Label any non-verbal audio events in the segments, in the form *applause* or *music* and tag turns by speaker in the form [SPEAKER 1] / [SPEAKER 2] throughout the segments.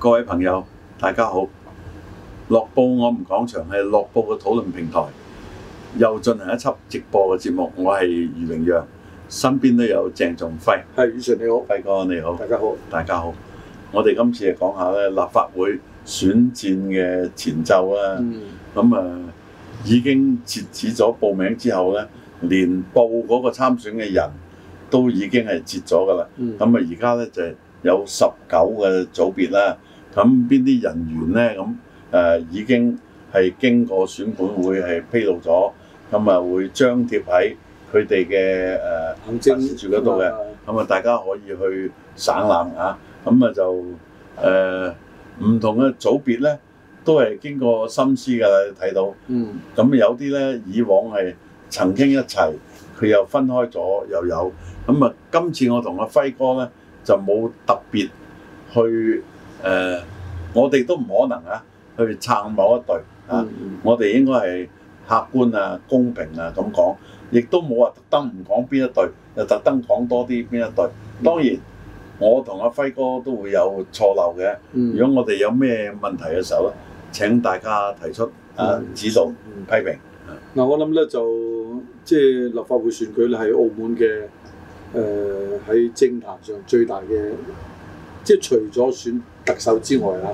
[SPEAKER 1] 各位朋友，大家好！樂報我唔講場，係樂報嘅討論平台，又進行一輯直播嘅節目。我係余明陽，身邊都有鄭仲輝。係，宇臣你好，輝哥你好，大家好，大家好。我哋今次係講下咧立法會選戰嘅前奏啦。咁、嗯嗯、啊，已經截止咗報名之後咧，連報嗰個參選嘅人都已經係截咗㗎啦。咁啊、嗯，而家咧就有十九個組別啦。咁邊啲人員咧？咁、呃、已經係經過選管會係披露咗，咁啊會張貼喺佢哋嘅誒辦事處嗰度嘅，咁啊大家可以去省覽呀。咁啊，啊就誒唔、呃啊、同嘅組別咧，都係經過心思㗎，睇到。嗯。咁有啲咧，以往係曾經一齊，佢又分開咗又有。咁啊，今次我同阿輝哥咧就冇特別去。誒、呃，我哋都唔可能啊，去撐某一隊啊！嗯、我哋應該係客觀啊、公平啊咁講，亦都冇話特登唔講邊一隊，又特登講多啲邊一,一隊。當然，嗯、我同阿輝哥都會有錯漏嘅。嗯、如果我哋有咩問題嘅時候咧，請大家提出啊指導、批
[SPEAKER 2] 評。嗱，我諗咧就即係、就是、立法會選舉咧，喺澳門嘅誒喺政壇上最大嘅，即、就、係、是、除咗選。特首之外啊，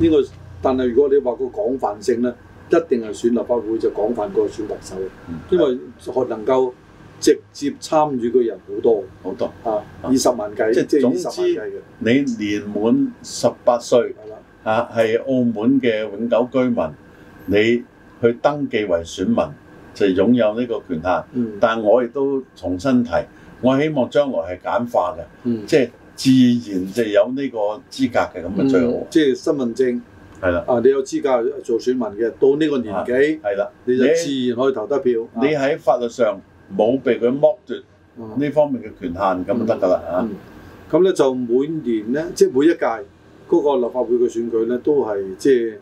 [SPEAKER 2] 呢個但係如果你話個廣泛性呢，一定係選立法會就廣泛過選特首，嗯、因為可能夠直接參與嘅人好多。好多啊，二十萬計，即係是總之二十萬計，
[SPEAKER 1] 你年滿十八歲，是的啊係澳門嘅永久居民，你去登記為選民就擁有呢個權限。嗯、但係我亦都重新提，我希望將來係簡化嘅，嗯、即係。自
[SPEAKER 2] 然有這個的就有呢個資格嘅咁嘅，即係、嗯就是、身份證係啦。的啊，你有資格做選民嘅，到呢個年紀係啦，你就自然可以投得票。你喺、啊、法律上冇被佢剝奪呢方面嘅權限，咁、嗯、就得㗎啦嚇。咁咧、嗯嗯、就每年咧，即、就、係、是、每一屆嗰、那個立法會嘅選舉咧、就是呃，都係即係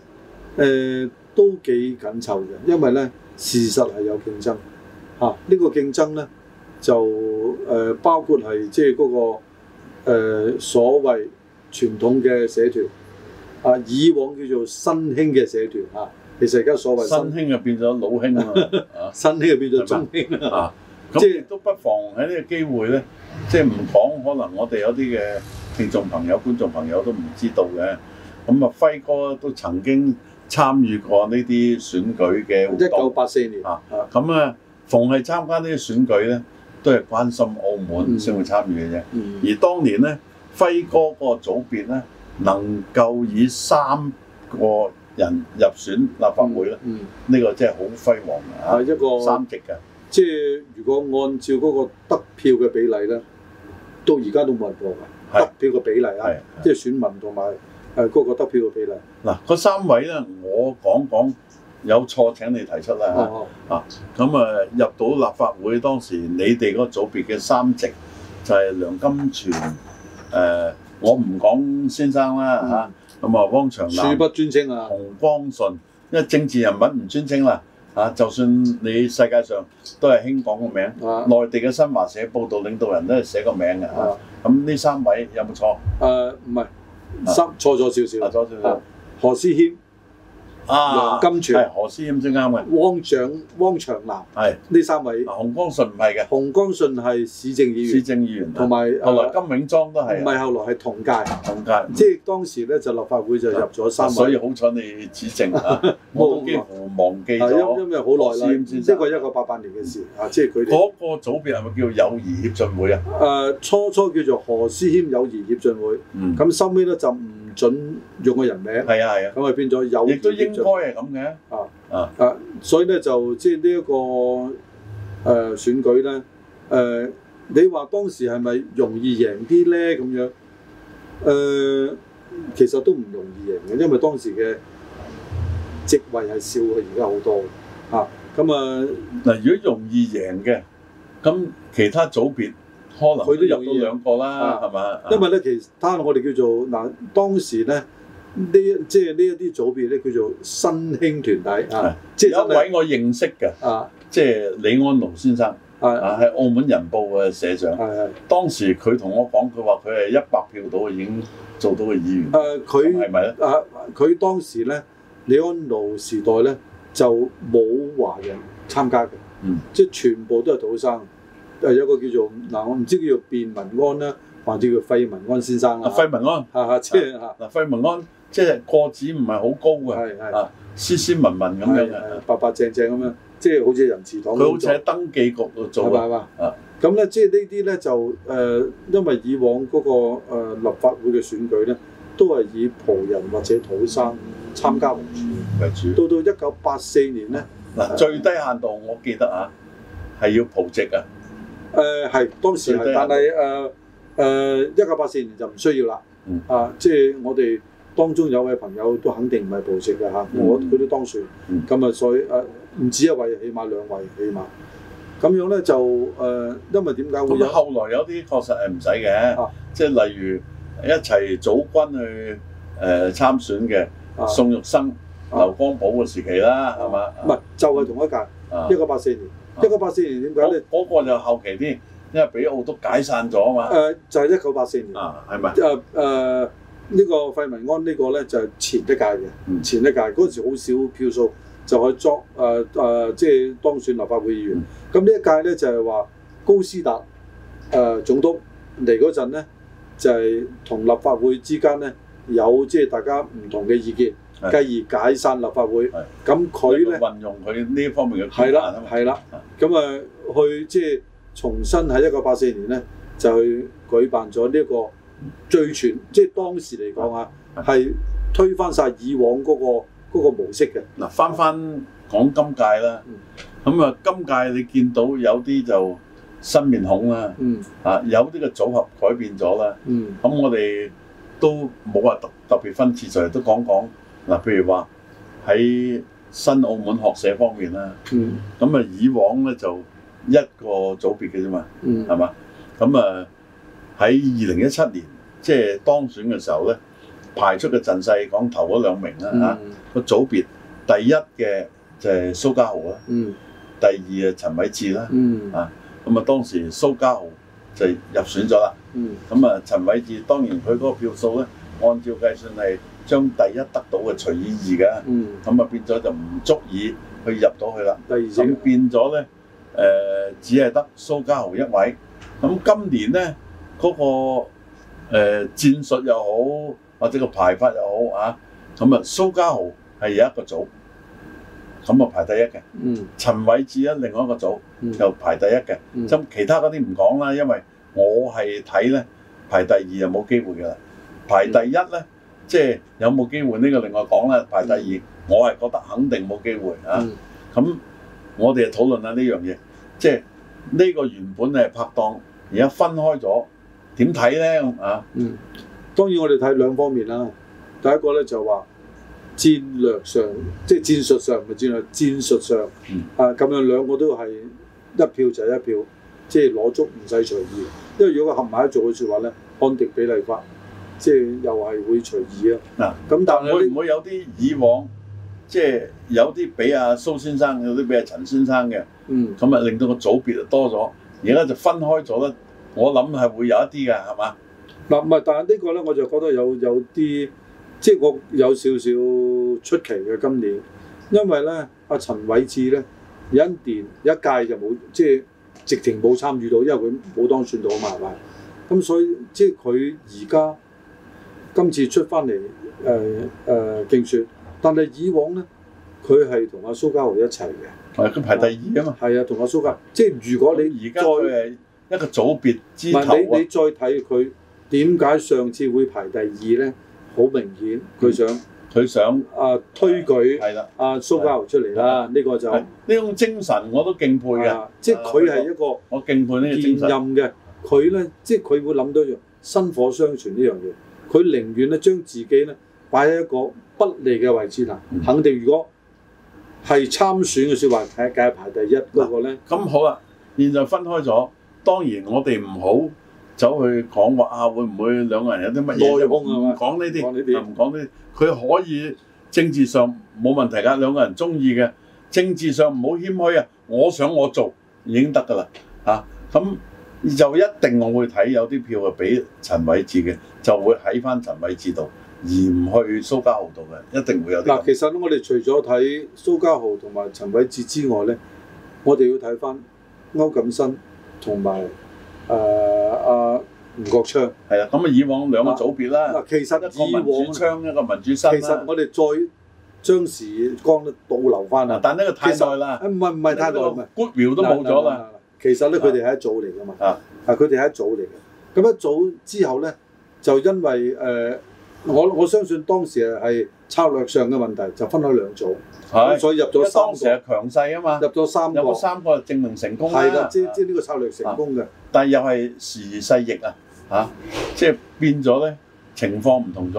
[SPEAKER 2] 誒都幾緊湊嘅，因為咧事實係有競爭嚇。啊這個、競爭呢個競爭咧就誒、呃、包括係即係嗰個。誒、呃、所謂傳統嘅社團啊，以往叫做新興嘅社團啊，其實而家所謂新興就變咗老興啊， *laughs* 新興就變咗中
[SPEAKER 1] 興吧啊，啊即係都不妨喺呢個機會咧，即係唔講可能我哋有啲嘅聽眾朋友、觀眾朋友都唔知道嘅，咁啊輝哥都曾經參與過呢啲選舉嘅活動，一九八四年啊，咁啊，啊，啊逢係參加呢啲選舉咧。都係關心澳門先會參與嘅啫。嗯嗯、而當年咧，輝哥嗰個組別咧，能夠以三個人入選立法會咧，呢、嗯嗯、個真係好輝煌啊！係一個三席
[SPEAKER 2] 嘅，即係如果按照嗰個得票嘅比例咧，到而家都冇人過嘅。是得票嘅比例啊，即係選民同埋誒嗰個得票嘅比例。嗱、啊，嗰三位咧，
[SPEAKER 1] 我講講。有錯請你提出啦，嚇，哦，啊，咁啊入到立法會當時你哋嗰組別嘅三席就係、是、梁金泉誒、呃、我唔講先生啦，嚇，咁啊汪長南恕不
[SPEAKER 2] 尊稱啊洪光
[SPEAKER 1] 順，因為政治人物唔尊稱啦嚇，就算你世界上都係興講個名，內、啊、地嘅新華社報道領導人都係寫個名嘅嚇，咁呢、啊啊、三位有
[SPEAKER 2] 冇錯？誒唔係失錯咗少少，何思謙。啊！金泉係何思謙先啱嘅，汪長汪長南係呢三位。洪光順唔係嘅，洪光順係市政議員。市政議員同埋後來金永莊都係，唔係後來係同屆。同屆即係當時咧就立法會就入咗三位，所以好彩你指正啊！我都幾乎忘記咗。因為因為好耐啦，呢個一九八八年嘅事啊，即係佢哋嗰個組別係
[SPEAKER 1] 咪叫友誼協進會啊？
[SPEAKER 2] 誒，初初叫做何思謙友誼協進會。嗯，咁收尾咧就唔。准用嘅人名，係啊係啊，咁啊變咗有，亦都應該係咁嘅啊啊啊，啊！所以咧就即係呢一個誒、呃、選舉咧誒、呃，你話當時係咪容易贏啲咧咁樣？誒、呃，其實都唔容易贏嘅，因為當時嘅職位係少嘅，而家好多嘅咁啊，嗱、啊，如果容易贏
[SPEAKER 1] 嘅，咁其他組別。可能佢都入到兩個啦，係嘛？是吧，因為咧，
[SPEAKER 2] 其實我哋叫做嗱，當時咧呢，即係呢一啲組別咧，叫做新興團體。係是，即係有一位我認識嘅，啊是，即係李安奴先
[SPEAKER 1] 生，係啊是，係《澳門人報》嘅社長。係係。當時佢同我講，佢話佢係一百
[SPEAKER 2] 票到已經做到嘅議員。誒，佢係咪咧？啊吧，佢當時咧，李安奴時代咧就冇華人參加嘅，嗯，即係全部都係土生。誒有個叫做嗱，我唔知叫變民安啦，或者叫費民安先生啦。費、啊、民安，嚇嚇、 *laughs* 就是，即係嚇嗱，費、啊、民安即係、就是、個子唔係好高嘅，係係，啊斯斯文文咁樣嘅，係係係，白白淨淨咁樣，即係好似仁慈堂。佢好似喺登記局度做啊，咁咧即係呢啲咧就誒、呃，因為以往嗰、嗰個、呃、立法會嘅選舉咧，都係以葡人或者土生參加為主嘅，為主。到到一九八四年咧，嗱最低限度我記得啊，係要葡籍啊。誒係當時係，但係誒誒一九八四年就唔需要啦。啊，即係我哋當中有位朋友都肯定唔係暴食嘅嚇，我佢都當選。咁啊，所以誒唔止一位，起碼兩位起碼。咁樣咧就誒，因為點解會有後來
[SPEAKER 1] 有啲確實係唔使嘅，即係例如一齊組軍去誒參選嘅宋玉生、劉
[SPEAKER 2] 光寶嘅時期啦，係嘛？唔係就係同一屆一九八四年。一九八四年點解咧？嗰、啊那個就後期啲，因為比奧都解散咗啊嘛。誒、呃，就係一九八四年啊，係咪？誒誒、呃，呢、這個費民安個呢個咧就係、是、前一屆嘅，嗯、前一屆嗰陣時好少票數就去作誒即係當選立法會議員。咁、嗯、呢一屆咧就係、是、話高斯達誒、呃、總督嚟嗰陣咧，就係、是、同立法會之間咧有即係大家唔同嘅意見。繼而解散立法會，咁佢咧運用佢呢方面嘅權限，係啦，咁啊去即係重新喺一九八四年咧就去舉辦咗呢一個最全，即係當時嚟講啊，係推翻晒以往嗰個嗰個模式嘅。嗱，翻翻講今屆啦，咁啊今屆你見到有
[SPEAKER 1] 啲就新面孔啦，啊有啲嘅組合改變咗啦，咁我哋都冇話特特別分次序都講講。嗱，譬如話喺新澳門學社方面啦，咁啊、嗯、以往咧就一個組別嘅啫嘛，係嘛、嗯？咁啊喺二零一七年即係、就是、當選嘅時候咧，排出嘅陣勢講頭嗰兩名啦嚇，個、嗯啊、組別第一嘅就係蘇家豪啦，嗯、第二陳偉志、嗯、啊陳偉志啦，啊咁啊當時蘇家豪就入選咗啦，咁啊陳偉志當然佢嗰個票數咧，按照計算係。將第一得到嘅除以二嘅，咁啊、嗯、變咗就唔足以去入到去啦。第二組變咗咧，誒、呃、只係得蘇家豪一位。咁今年咧嗰、嗰個誒、呃、戰術又好，或者個排法又好啊，咁啊蘇家豪係有一個組，咁啊排第一嘅。嗯、陳偉智咧另外一個組又、嗯、排第一嘅。咁、嗯、其他嗰啲唔講啦，因為我係睇咧排第二就冇機會㗎啦，排第一咧。嗯即係有冇機會呢、呢個另外講啦，排第二，嗯、我係覺得肯定冇機會、嗯、啊。咁我哋討論下呢樣嘢，即係
[SPEAKER 2] 呢個原本係拍檔，而家分開咗，點睇咧啊、嗯？當然我哋睇兩方面啦。第一個咧就話戰略上，即係戰術上唔係戰略，戰術上、嗯、啊咁樣兩個都係一票就一票，即係攞足唔使隨意。因為如果佢合埋一做的，嘅説話咧，漢狄比例法。即係又係會隨意啊。嗱，咁但係會唔會有啲以往
[SPEAKER 1] 即係、嗯、有啲俾阿蘇先生，有啲俾阿陳先生嘅，嗯，咁啊令到個組別就
[SPEAKER 2] 多咗，而家就分開咗咧，我諗係會有一啲㗎，係嘛？嗱，唔係，但係呢個咧我就覺得有有啲即係我有少少出奇嘅今年，因為咧阿陳偉智咧有一年一屆就冇即係直情冇參與到，因為佢冇當選到啊嘛，係咪？咁所以即係佢而家。就是今次出翻嚟，誒誒競選，但係以往咧，佢係同阿蘇嘉豪一齊嘅。係、嗯，咁排第二啊嘛。係啊，同阿蘇嘉，即係如果你而家再係一個組別之頭，你再睇佢點解上次會排第二咧？好明顯佢，佢、嗯、想佢想啊推舉係啦，阿、嗯啊、蘇嘉豪出嚟啦。呢的個就呢種精神我都敬佩嘅、啊，即係佢係一個我敬佩呢個精神嘅。佢咧，即係佢會諗到樣薪火相傳呢樣嘢。佢寧願咧將自己咧擺喺一個不利嘅位置啦。肯定如果係參選嘅説話，睇下排第一嗰個咧。咁、啊、好啦，
[SPEAKER 1] 現在分開咗。當然我哋唔好走去講話啊，會唔會兩個人有啲乜嘢講呢啲？你哋唔講呢啲。佢可以政治上冇問題㗎，兩個人中意嘅政治上唔好謙虛啊。我想我做已經得㗎啦。嚇、啊、咁。就一定我會睇有啲票係俾陳偉志嘅，
[SPEAKER 2] 就會喺翻陳偉志度，
[SPEAKER 1] 而唔
[SPEAKER 2] 去蘇嘉豪度嘅，一定會有啲、這個。嗱，其實我哋除咗睇蘇嘉豪同埋陳偉志之外咧，我哋要睇翻區錦新同埋誒阿吳國昌。係啦，咁啊，以往兩個組別啦。嗱、啊，其實一個民主昌一個民主新。其實我哋再將時光都倒流翻實啊，但呢個太耐啦。唔係唔係，太耐啦，苗都冇咗啦。啊啊其實咧，佢哋係一組嚟噶嘛，啊，佢哋係一組嚟嘅。咁一組之後咧，就因為誒、呃，我我相信當時係策略上嘅問題，就分開兩組，咁的所以入咗三個。當時係強勢啊嘛，入咗三個，入咗三個證明成功啦、啊。係啦的，即
[SPEAKER 1] 即呢個策略成功嘅。但係又係時移世易啊，嚇、啊，即係變咗咧，情況唔同咗。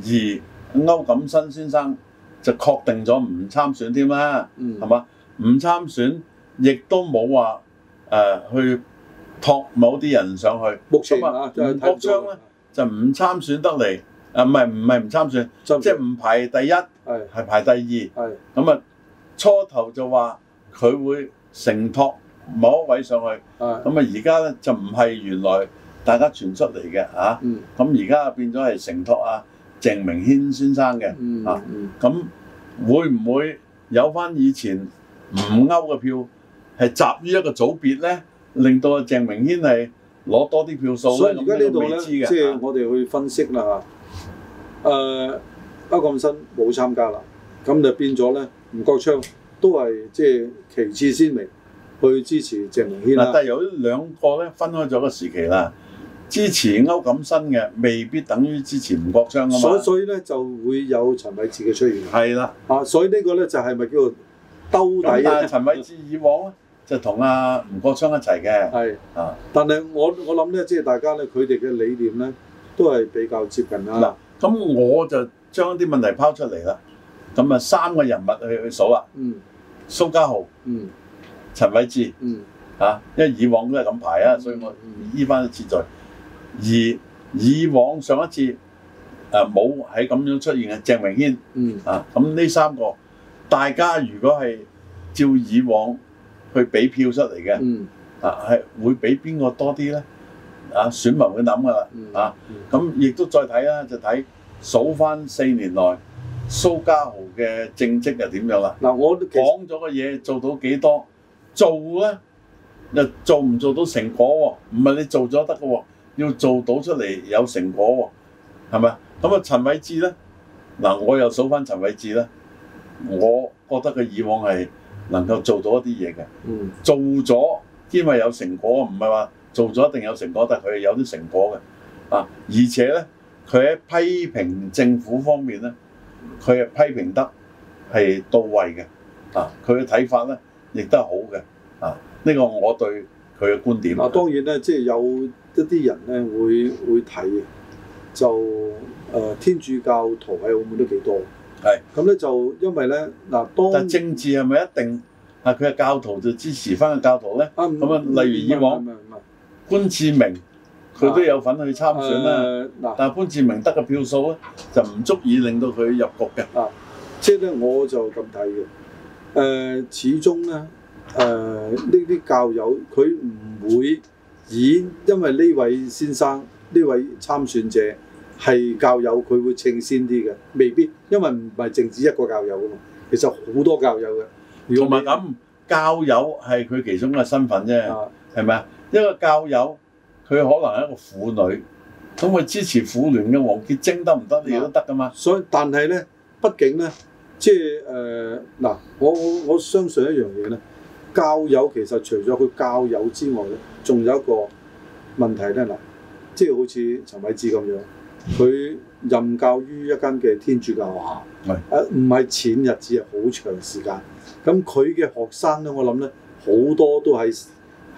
[SPEAKER 1] 而歐錦申先生就確定咗唔參選添啦，係嘛、嗯？唔參選，亦都冇話。誒、呃、去托某啲人上去，目前啊，梁國章咧就唔參選得嚟，啊唔係唔係唔參選，是是即係唔排第一，係是排第二，咁啊是、嗯、初頭就話佢會承托某一位上去，咁啊而家咧就唔係原來大家傳出嚟嘅嚇，咁而家變咗係承托阿、啊、鄭明軒先生嘅，嗯嗯、啊咁會唔會有翻以前唔勾嘅票？ *laughs* 係集於一個組別咧，令到鄭明軒係攞多啲票數。所以而家呢度咧，即係
[SPEAKER 2] 我哋去分析啦。誒、啊呃，歐錦新冇參加啦，咁就變咗咧，吳國昌都係即係其次先嚟去支持鄭明軒啦、啊。但係由於兩個咧分開咗個時期啦，支持歐錦新嘅未必
[SPEAKER 1] 等於支持吳國昌啊嘛。所以所
[SPEAKER 2] 以咧就會有陳偉志嘅出現。係啦的，啊，所以這個呢個咧就係、是、咪叫兜底啊？陳偉志以往啊？ *laughs* 就同阿、啊、吳國昌一齊嘅，係是啊，但係我我諗咧，即係大家咧，佢哋嘅理念咧都係比較接近啦。嗱，咁我就將啲問題拋出嚟啦。咁啊，三個
[SPEAKER 1] 人物去去數啊，嗯，蘇嘉豪，嗯，陳偉志，嗯，啊，因為以往都係咁排啊，嗯、所以我依翻次序。而以、嗯、以往上一次誒冇喺咁樣出現嘅鄭明軒，嗯，啊，咁呢三個大家如果係照以往，佢俾票出嚟嘅，啊係會俾邊個多啲咧？啊選民會諗噶啦，啊咁亦都再睇啦，就睇數翻四年內蘇嘉豪嘅政績又點樣啦？嗱，我講咗嘅嘢做到幾多？做咧又做唔做到成果喎？唔係你做咗得嘅喎，要做到出嚟有成果喎，係咪？咁啊，陳偉智咧，嗱我又數翻陳偉智咧，我覺得佢以往係，能夠做到一啲嘢嘅，嗯，做咗，因為有成果，唔係話做咗一定有成果，但係佢有啲成果嘅，啊，而且咧，佢喺批評政府方面咧，佢係批評得係到位嘅，啊，佢嘅睇法咧亦都係好嘅，啊，呢個我對佢嘅觀點。啊，
[SPEAKER 2] 當然咧，即係有一啲人咧會會睇，就誒天主教徒喺澳門都幾多。係，咁咧是就因為咧，嗱、啊，當但政治係咪一定係佢係教徒就支持返個教徒咧？咁啊，嗯啊嗯、
[SPEAKER 1] 例如以往，唔係唔係，官、嗯嗯、志明佢、啊、都有份去參選啦。
[SPEAKER 2] 誒、啊，啊、但係官志明得嘅票數咧，就唔足以令到佢入局嘅。啊，即係咧，我就咁睇嘅。誒、呃，始終咧，誒呢啲教友佢唔會以因為呢位先生呢位參選者，係教友，佢會稱先啲嘅，未必，因為唔係淨止一個教友啊嘛，其實好多教友嘅。如果係咁，教友係佢其中嘅身份啫，
[SPEAKER 1] 係咪啊？一個教友，佢可能係一個婦女，咁佢支持婦
[SPEAKER 2] 聯嘅王潔貞得唔得？你都得噶嘛。所以，但係咧，畢竟咧，即係誒嗱，我我我相信一樣嘢咧，教友其實除咗佢教友之外咧，仲有一個問題咧嗱，即係好似陳偉志咁樣。佢任教於一間嘅天主教學校，誒唔係淺日子，係好長時間。咁佢嘅學生咧，我諗咧好多都喺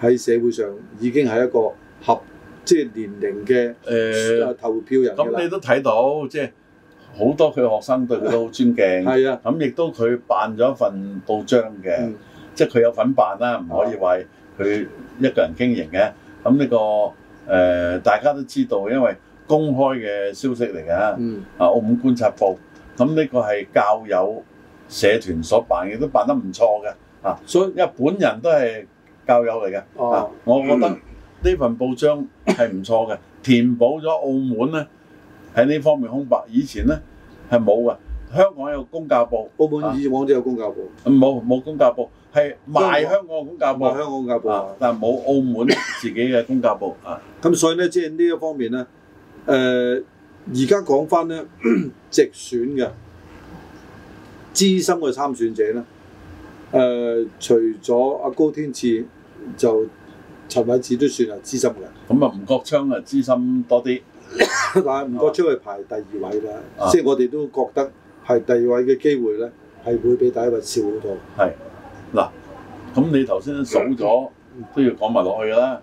[SPEAKER 2] 喺社會上已經係一個合即係、就是、年齡嘅誒投票人。咁你都睇到，即係好多佢學生對佢都好尊敬。係啊，
[SPEAKER 1] 咁亦、啊、都佢辦咗一份報章嘅，即係佢有份辦啦，唔可以話佢一個人經營嘅。咁呢、啊這個誒、呃、大家都知道，因為。公開嘅消息嚟㗎，啊澳門觀察報。咁呢個係教友社團所辦嘅，都辦得唔錯嘅，啊，所以因為本人都係教友嚟嘅，啊，我覺得呢份報章係唔錯嘅，填補咗澳門咧喺呢方面空白，以前咧係冇嘅，香港有公教報，澳門以
[SPEAKER 2] 往都有公教報，冇冇公教報，係賣香港嘅公教報，香港公教報，但係冇澳門自己嘅公教報。啊，咁所以咧即係呢一方面咧。誒而家講翻咧直選嘅資深嘅參選者咧，誒、呃、除咗阿高天賜，就陳偉智都算係資深嘅。咁啊，吳國昌啊，資深多啲，但係吳國昌係排第二位啦，啊、即係我哋都覺得係第二位嘅機會咧，係會俾第一位少好多。
[SPEAKER 1] 係嗱，咁你頭先數咗都要講埋落去啦，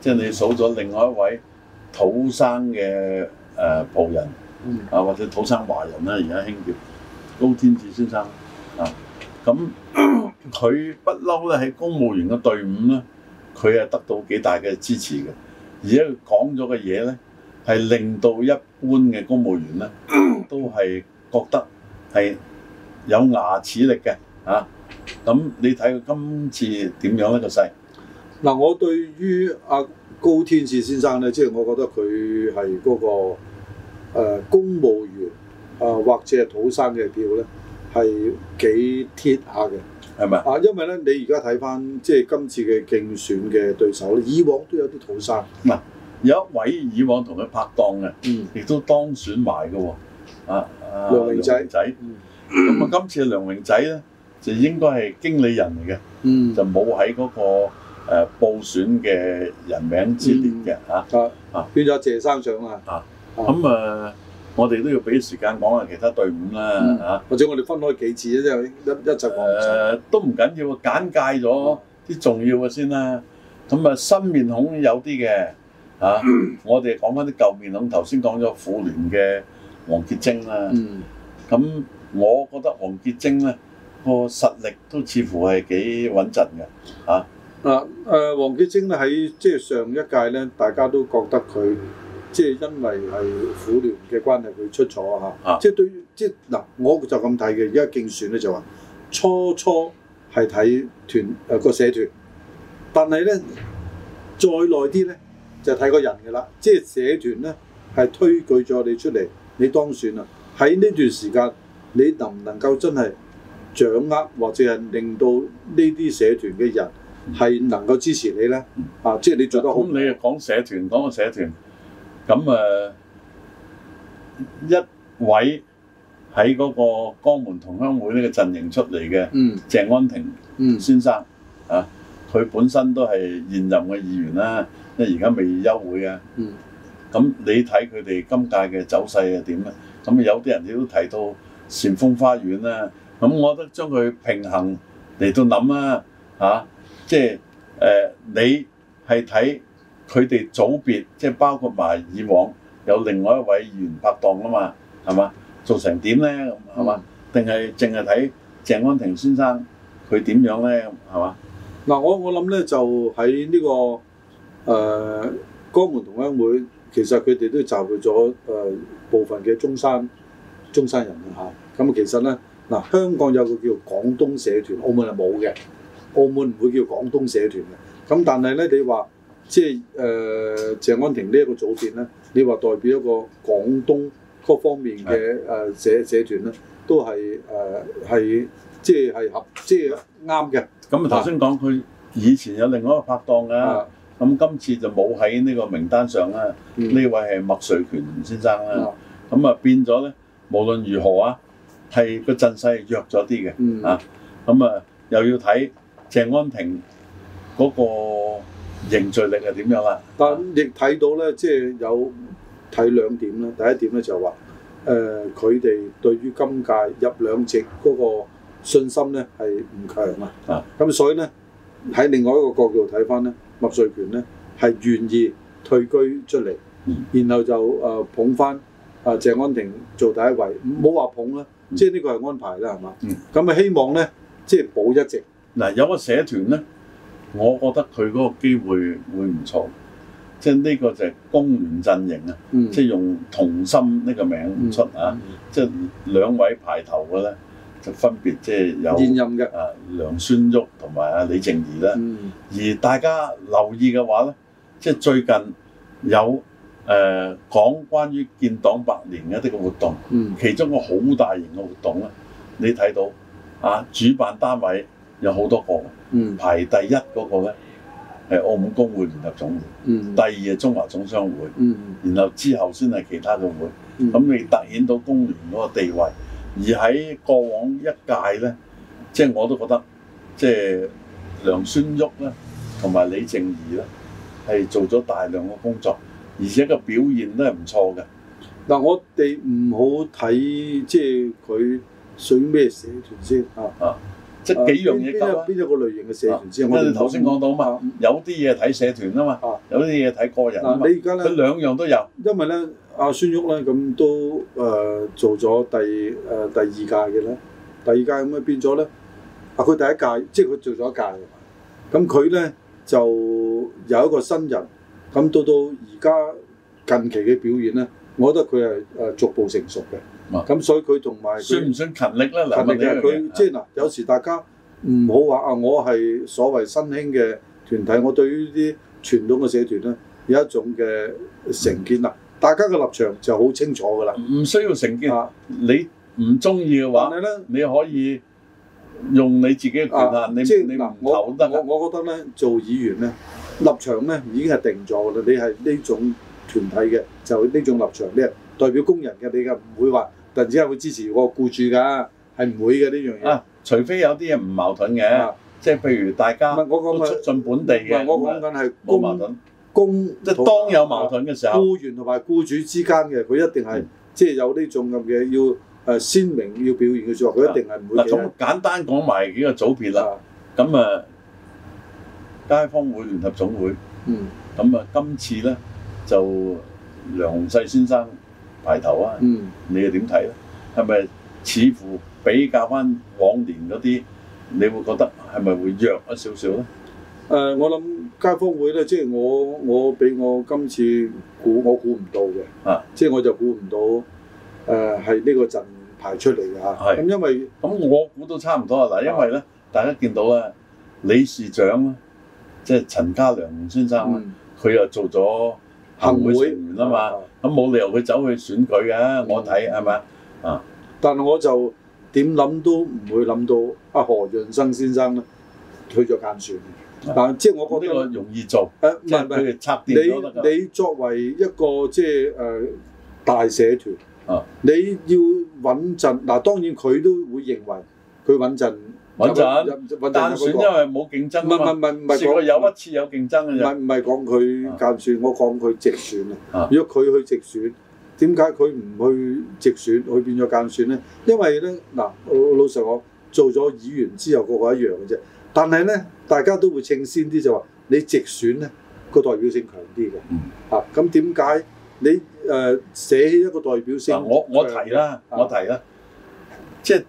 [SPEAKER 1] 即係你數咗另外一位。土生嘅誒僕人啊，或者土生華人咧，而家興叫高天智先生啊，咁佢不嬲咧喺公務員嘅隊伍咧，佢係得到幾大嘅支持嘅，而家講咗嘅嘢咧，係令到一般嘅公務員咧都係覺得係有牙齒
[SPEAKER 2] 力嘅嚇。咁你睇佢今次點樣咧，個勢？嗱，我對於阿高天賜先生咧，即係我覺得佢係嗰個、呃、公務員啊、呃，或者係土生嘅票咧，係幾鐵下嘅，係咪啊？啊，因為咧，你而家睇翻即係今次嘅競選嘅對手咧，以往都有啲土生，嗱、嗯，有一位以往
[SPEAKER 1] 同佢拍檔嘅，亦、嗯、都當選埋㗎喎，啊，梁榮仔，咁啊、嗯，今次梁榮仔咧就應該係經理人嚟嘅，嗯、就冇喺嗰個。誒報選嘅人名之列嘅嚇啊，變咗謝生長啦，啊咁誒，我哋都要俾時間講下其他隊伍啦嚇，或者我哋分開幾次，一陣一一集講唔齊誒都唔緊要，簡介咗啲重要嘅先啦。咁啊新面孔有啲嘅嚇，我哋講翻啲舊面孔。頭先講咗婦聯嘅黃潔貞啦，咁我覺得黃潔貞咧個實力都似乎係幾穩陣嘅嚇。
[SPEAKER 2] 啊！誒、呃，黃潔晶咧喺即係上一屆咧，大家都覺得佢即係因為係婦聯嘅關係，佢出錯嚇。即係對，即係嗱，我就咁睇嘅。而家競選咧就話，初初係睇團誒個社團，但係咧再耐啲咧就睇個人㗎啦。即係社團咧係推舉咗你出嚟，你當選啦。喺呢段時間，你能唔能夠真係掌握或者係令到呢啲社團嘅人？係能夠支持你咧，嗯、啊，即、就、係、是、你做得好。咁、嗯嗯嗯、你講社團，講個社團，咁啊，
[SPEAKER 1] 一位喺嗰個江門同鄉會呢個陣營出嚟嘅，鄭、嗯、安平先生、嗯、啊，佢本身都係現任嘅議員啦、啊，即係而家未休會嘅、啊。咁、嗯啊、你睇佢哋今屆嘅走勢係點咧？咁有啲人亦都提到善豐花園啦、啊，咁我覺得將佢平衡嚟到諗啦，嚇、啊。即係誒、呃，你係睇佢哋組別，即係包括埋以往有另外一位議員拍檔啊嘛，係嘛，做成點咧？係嘛？定係淨係睇
[SPEAKER 2] 鄭安婷先生佢點樣咧？係嘛？嗱、呃，我我諗咧就喺呢、這個誒、呃、江門同鄉會，其實佢哋都集會咗誒部分嘅中山中山人嚇。咁、嗯、其實咧，嗱、呃，香港有個叫廣東社團，澳門係冇嘅。澳門唔會叫廣東社團嘅，咁但係咧，你話即係誒鄭安庭呢一個組別咧，你話代表一個廣東各方面嘅誒社社團咧，都係誒係即係係合即係啱嘅。
[SPEAKER 1] 咁頭先講佢
[SPEAKER 2] 以前有另外一個拍檔嘅，
[SPEAKER 1] 咁今的次就冇喺呢個名單上啦。呢的位係麥瑞權先生啦，咁啊的變咗咧，無論如何啊，係個陣勢弱咗啲嘅啊，咁啊又要睇。鄭安庭嗰個凝聚力係點樣啊？
[SPEAKER 2] 但係亦睇到咧，即係有睇兩點啦。第一點咧就話，誒佢哋對於今屆入兩席嗰個信心咧係唔強啊。啊！咁所以咧喺另外一個角度睇翻咧，麥瑞權咧係願意退居出嚟，然後就誒捧翻啊鄭安庭做第一位，唔好話捧啦，即係呢個係安排啦，係嘛？咁啊希望咧即係保一席。嗱，有個社團咧，我覺得佢嗰個機
[SPEAKER 1] 會會唔錯，即係呢個就係工聯陣營啊，即係用同心呢個名出啊，即係兩位排頭嘅咧，就分別即係有梁孫旭、嗯、啊梁孫旭同埋啊李靜儀啦。嗯、而大家留意嘅話咧，即係最近有誒講、呃、關於建黨百年嘅一啲嘅活動，嗯、其中一個好大型嘅活動咧，你睇到啊，主辦單位。有好多個，排第一嗰個咧係、嗯、澳門工會聯合總會，嗯、第二係中華總商會，嗯、然後之後先係其他嘅會。咁你、嗯、突顯到工聯嗰個地位，而喺過往一屆咧，即、就、係、是、我都覺得即係、就是、梁孫旭咧，同埋李靜怡
[SPEAKER 2] 咧係做咗大量嘅工作，而且個表現都係唔錯嘅。嗱，我哋唔好睇即係佢屬咩社團先啊。啊即幾樣嘢夾啊！邊一個類型嘅社團先、啊？我哋頭先講到啊嘛，啊有啲嘢睇
[SPEAKER 1] 社團啊嘛，有啲嘢睇個人啊嘛。你而家咧佢兩樣都有。
[SPEAKER 2] 因為咧，阿孫旭咧咁都誒、呃、做咗第誒第二屆嘅啦，第二屆咁啊變咗咧，啊佢第一屆即係佢做咗一屆啊嘛。咁佢咧就有一個新人，咁到到而家近期嘅表演咧，我覺得佢係誒逐步成熟嘅。咁所以佢同埋算唔
[SPEAKER 1] 算勤力咧？勤力嘅佢即係嗱，
[SPEAKER 2] 有時大家唔好話啊，我係所謂新興嘅團體，我對於啲傳統嘅社團咧有一種嘅成見啦。大家嘅立場就好清楚㗎啦，唔需要成見。你唔中意嘅話，你你可以用你自己嘅權限，你你唔投都得。我我覺得咧，做議員咧，立場咧已經係定咗㗎啦。你係呢種團體嘅，就呢種立場，你係代表工人嘅，你係唔會話。突然之間會支持個僱主㗎，係唔會嘅呢樣嘢。啊，除非有啲嘢唔矛盾嘅，即係譬如大家我都促進本地嘅。我講緊係冇矛盾。公即係當有矛盾嘅時候，僱員同埋僱主之間嘅，佢一定係即係有呢種咁嘅嘢要誒鮮明要表現嘅時候，佢一定係唔會。嗱，咁簡單講埋幾個組別啦。咁啊，街
[SPEAKER 1] 坊會聯合總會。嗯。咁啊，今次咧就梁宏細先生。排頭啊，嗯、你又點睇咧？係咪似乎比較翻往年嗰啲，你會覺得係咪會弱
[SPEAKER 2] 一少少咧？誒、呃，我諗街坊會咧，即係我我俾我今次估我估唔到嘅，啊、即係我就估唔到誒係呢個陣排出嚟嘅嚇。咁是因為咁我估都差唔
[SPEAKER 1] 多啊嗱，因為咧、啊、大家見到啊，理事長即係陳家良先生，佢、嗯、又做咗行，行會成員啊嘛。啊咁冇理由佢走去選佢
[SPEAKER 2] 嘅，我睇係咪啊？但係我就點諗都唔會諗到阿何潤生先生咧退咗間選。嗱是的、啊，即係我覺得呢個容易做。誒唔係唔
[SPEAKER 1] 係，你以你
[SPEAKER 2] 作為一個即係誒大社團，啊、你要穩陣。嗱、啊，當然佢都會認為佢穩陣。揾陣，單選因為冇
[SPEAKER 1] 競爭。唔係唔係唔係，我有一次有競爭嘅。
[SPEAKER 2] 唔係唔係講佢間、嗯、選，我講佢直選啊。如果佢去直選，點解佢唔去直選，佢變咗間選咧？因為咧嗱，老實講，我做咗議員之後，個個一樣嘅啫。但係咧，大家都會稱先啲就話，你直選咧、個代表性強啲嘅。嗯、啊。咁點解你誒、呃、寫起一個代表性、嗯？我我提啦，我提啦，提啊、提即係。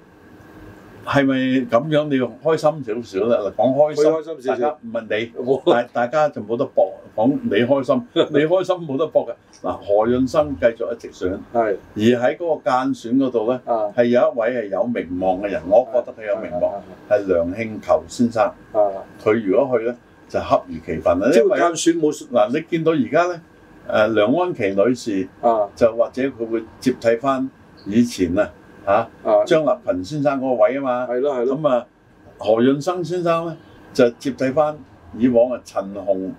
[SPEAKER 1] 係咪咁樣？你要開心少少啦！嗱，講開心，開心大家唔問你，大好大家就冇得博。講你開心， *laughs* 你開心冇得博嘅。嗱，何潤生繼續一直是選，係。而喺嗰個間選嗰度咧，係有一位係有名望嘅人，是我覺得佢有名望，係的梁慶球先生。佢的如果去咧，就恰如其分啦。即係間選冇嗱，啊，你見到而家咧，誒梁安琪女士啊，的就或者佢會接替翻以前啊。嚇、啊，張立群先生嗰個位啊嘛，係咯係咯。咁啊，何潤生先生咧就接替翻以往啊陳紅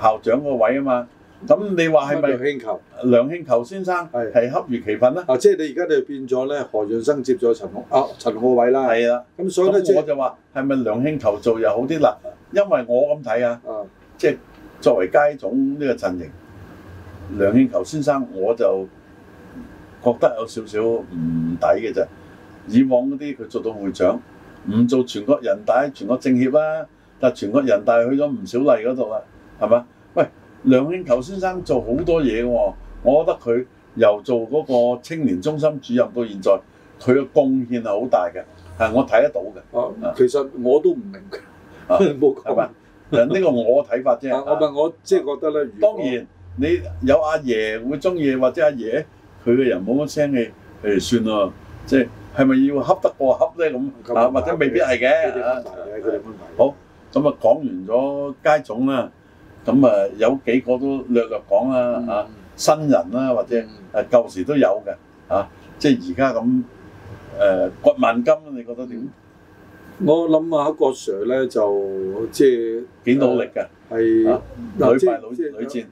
[SPEAKER 1] 校長嗰位啊嘛。咁你話係咪梁慶球？梁慶球先生係係恰
[SPEAKER 2] 如其分啦、啊。即係你而家你變咗咧，何潤生接咗陳紅，啊陳浩偉啦。係的啊，咁所以咧，我就話係咪梁慶球做又好啲啦？因為我咁睇啊，啊即係
[SPEAKER 1] 作為街總呢個陣營，梁慶球先生我就。我覺得有少少唔抵嘅啫。以往嗰啲佢做到會長，唔做全國人大、全國政協啦。但全國人大去咗吳小麗嗰度啦，係嘛？喂，梁慶球先生做好多嘢喎、哦。我覺得佢由做嗰個青年中心主任到現在，佢嘅貢獻係好大嘅，係我睇得到嘅。其實我都唔明嘅。呢個我睇法啫。我問我，吧我即係覺得咧，當然你有阿爺會中意或者阿爺。佢嘅人冇乜聲氣，誒算咯，即係係咪要恰得過恰咧咁啊？或者未必係嘅啊。好，咁啊講完咗街總啦，咁啊有幾個都略略講啦啊，新人啦或者誒舊時都有嘅啊，即係而家咁誒骨萬金，你覺得點？
[SPEAKER 2] 我諗下個 Sir 咧就即係幾努力嘅，係屢敗屢戰。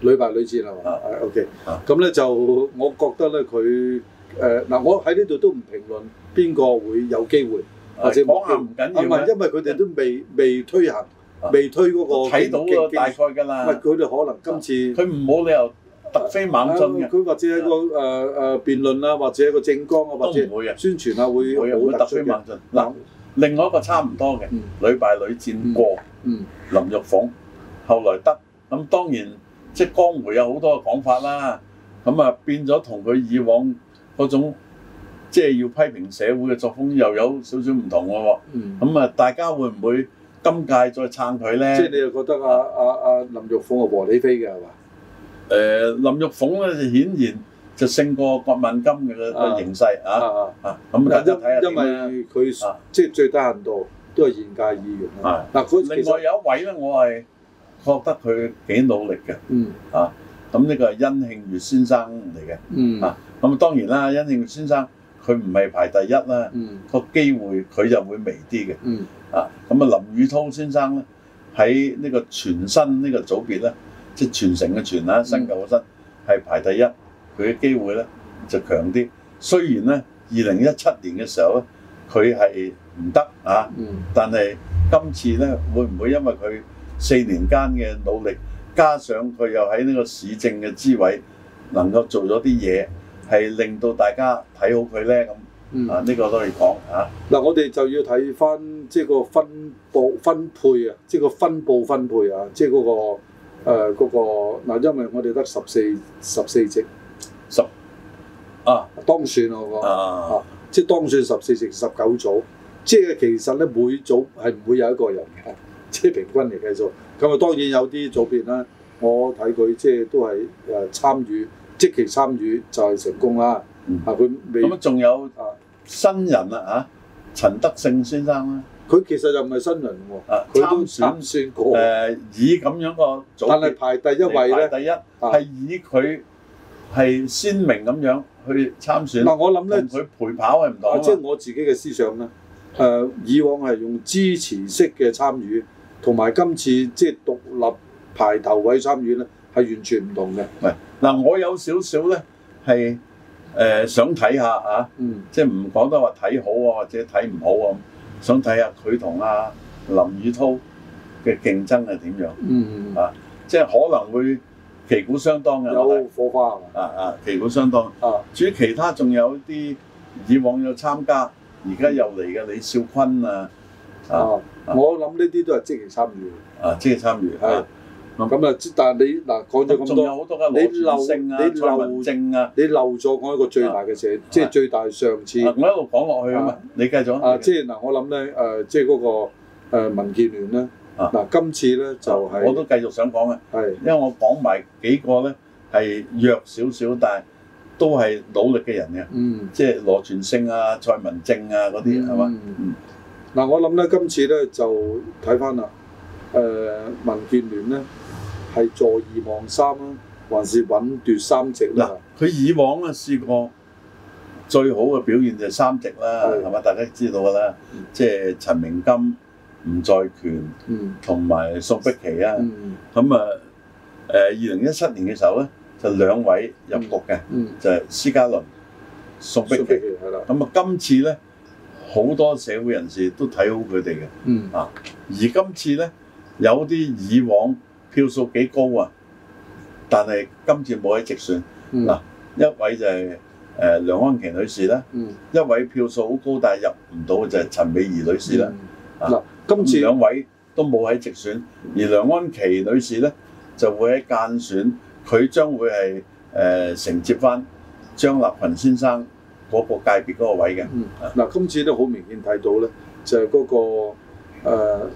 [SPEAKER 2] 屢敗屢戰係嘛？啊，OK，咁咧就我覺得咧佢誒嗱，我喺呢度都唔評論邊個會有機會，或者講下唔緊要。唔係因為佢哋都未未推行，未推嗰個。睇到嘅，大概㗎啦。唔係佢哋可能今次。佢唔冇理由突飛猛進嘅，佢或者係個誒誒辯論啊，或者個政綱啊，或者宣傳啊，會會突飛猛進。嗱，
[SPEAKER 1] 另外一個差唔多嘅，屢敗屢戰過，林玉鳳後來得咁當然。即係江湖有好多嘅講法啦，咁啊變咗同佢以往嗰種即係要批評社會嘅作風又有少少唔同喎。咁啊，大家會唔會今屆再撐佢咧？即係你
[SPEAKER 2] 又覺得阿阿阿林玉鳳係和理非嘅係嘛？
[SPEAKER 1] 誒，林玉鳳咧顯然就勝
[SPEAKER 2] 過郭文金嘅個形勢啊啊！咁大家睇下因為佢，即係最低限度都係現屆議員啦。嗱，佢另外有一位咧，我係，覺
[SPEAKER 1] 得佢幾努力嘅，嗯啊，咁呢個係殷慶月先生嚟嘅，嗯啊，咁當然啦，殷慶月先生佢唔係排第一啦，個機會佢就會微啲嘅，嗯啊，咁啊林宇滔先生咧喺呢個全新呢個組別咧，即係傳承嘅傳啦，新舊嘅新係排第一，佢嘅機會咧就強啲。雖然咧二零一七年嘅時候咧佢係唔得啊，嗯、但係今次咧會唔會因為佢？四年間嘅努力，加上佢又喺呢個市政嘅資位，能夠做咗啲嘢，係令到大家睇
[SPEAKER 2] 好佢咧咁。
[SPEAKER 1] 嗯，啊呢個都可以講
[SPEAKER 2] 吓。嗱，我哋就要睇翻即係個分佈分配啊，即係個分佈分配啊，即係嗰、嗰個誒嗱、呃嗰個，因為我哋得十四十四席，十啊當選我個啊,啊，即係當選十四席十九組，即係其實咧每組係唔會有一個人嘅。即係平均嚟計數，咁啊當然有啲組別啦。我睇佢即係都係誒參與，積極參與就係成功啦。嗯，佢未咁啊，仲有新人啊嚇，陳德勝先生咧。佢其實又唔係新人喎。啊，參選誒、呃、以咁樣個組別但係排，排第一位，啊。第
[SPEAKER 1] 一係以佢係鮮明咁
[SPEAKER 2] 樣去參選。嗱、啊，我諗咧，佢陪跑係唔同即係、啊就係、我自己嘅思想咧。誒、啊，以往係用支持式嘅參與。同埋今次即係獨立排頭位參與咧，係完全唔同嘅。唔嗱、嗯，我有少少咧係
[SPEAKER 1] 誒想睇下啊，即係唔講得話睇好啊，或者睇唔好啊，想睇下佢同阿林宇滔嘅競爭係點樣嗯嗯啊？即係可能會旗鼓相當嘅，有火花啊啊！旗鼓相當啊！至於其他仲有啲以往有參加而家又嚟嘅李少坤
[SPEAKER 2] 啊。啊！我諗呢啲都係積極參與啊，積極參與，係。咁啊，但係你嗱講咗咁多，你漏你漏政啊，你漏咗嗰一個最大嘅社，即係最大上次。我一路講落去啊嘛，你繼續啊？即係嗱，我諗咧誒，即係嗰個誒民建聯咧。嗱，今次咧就係我都繼續想講嘅。係。因為我講埋幾個咧係弱少少，但係都係努力嘅人嘅。嗯。即係羅全勝啊、蔡文正啊嗰啲，係嘛？嗯。嗱，我諗咧，今次咧就睇翻啦。誒，民建聯咧係坐二望三啦，還是穩奪三席咧？嗱，
[SPEAKER 1] 佢以往咧試過最好嘅表現就係三席啦，係嘛？大家知道㗎啦，即係陳明金、吳在權同埋宋碧琪啊。咁啊、嗯，誒二零一七年嘅時候咧，就兩位入局嘅，嗯、就係施家倫、宋碧琪。係啦、嗯。咁啊，今次咧？好多社會人士都睇好佢哋嘅，嗯、啊！而今次呢，有啲以往票數幾高啊，但係今次冇喺直選。嗱、嗯啊，一位就係、是呃、梁安琪女士啦，嗯、一位票數好高但係入唔到就係、是、陳美儀女士啦。嗱、嗯，啊、今次兩、啊嗯、位都冇喺直選，而梁安琪女士呢就會喺間選，佢將會係誒、呃、承接返張
[SPEAKER 2] 立群先生。嗰個界別嗰個位嘅，嗱、嗯、今次都好明顯睇到咧，就係、是、嗰、那個誒、呃、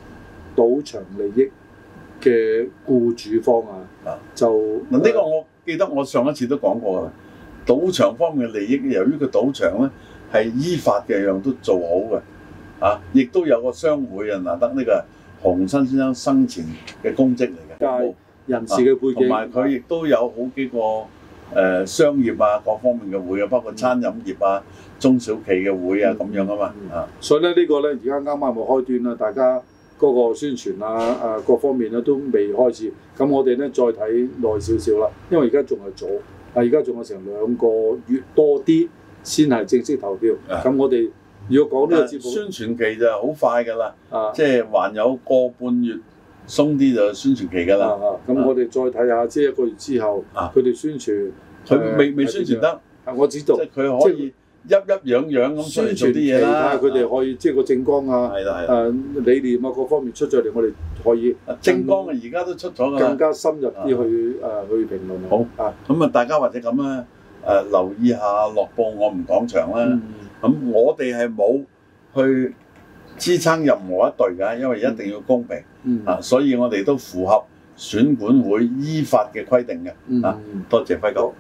[SPEAKER 2] 賭場利益嘅僱主方啊，就嗱呢個我記得我上一次都講過啦，賭場
[SPEAKER 1] 方面嘅利益，由於個賭場咧係依法嘅樣子都做好嘅，嚇、啊，亦都有個商會啊，嗱，得呢個洪生先生生前嘅公職嚟嘅，人事嘅背景，同埋佢亦都有好幾個。誒、呃、商業啊，各方面
[SPEAKER 2] 嘅會啊，包括餐飲業啊、中小企嘅會啊，咁、嗯、樣啊嘛啊、嗯，所以咧呢個咧而家啱啱冇開端啦，大家嗰個宣傳啊、誒、呃、各方面咧都未開始，咁我哋咧再睇耐少少啦，因為而家仲係早，啊，而家仲有成兩個月多啲先係正式投票，咁、啊、我哋如果講呢個節目宣
[SPEAKER 1] 傳期就
[SPEAKER 2] 好快㗎啦，啊、即係
[SPEAKER 1] 還有個半月。鬆啲就宣傳期㗎啦，
[SPEAKER 2] 咁我哋再睇下，即係一個月之後，佢哋宣傳，佢未未宣傳得，啊我知道，即係佢可以一一樣樣咁宣傳啲嘢啦，睇下佢哋可以即係個政綱啊，誒理念啊各方面出咗嚟，我哋可以政綱啊而家都出咗啦，更加深入啲去誒去評論，好啊，咁啊大家或者咁啦，誒留意
[SPEAKER 1] 下樂報我們講場啦，咁我哋係冇去。支撐任何一隊㗎，因為一定要公平，嗯，啊，所以我哋都符合選管會依法嘅規定嘅啊，多謝輝哥。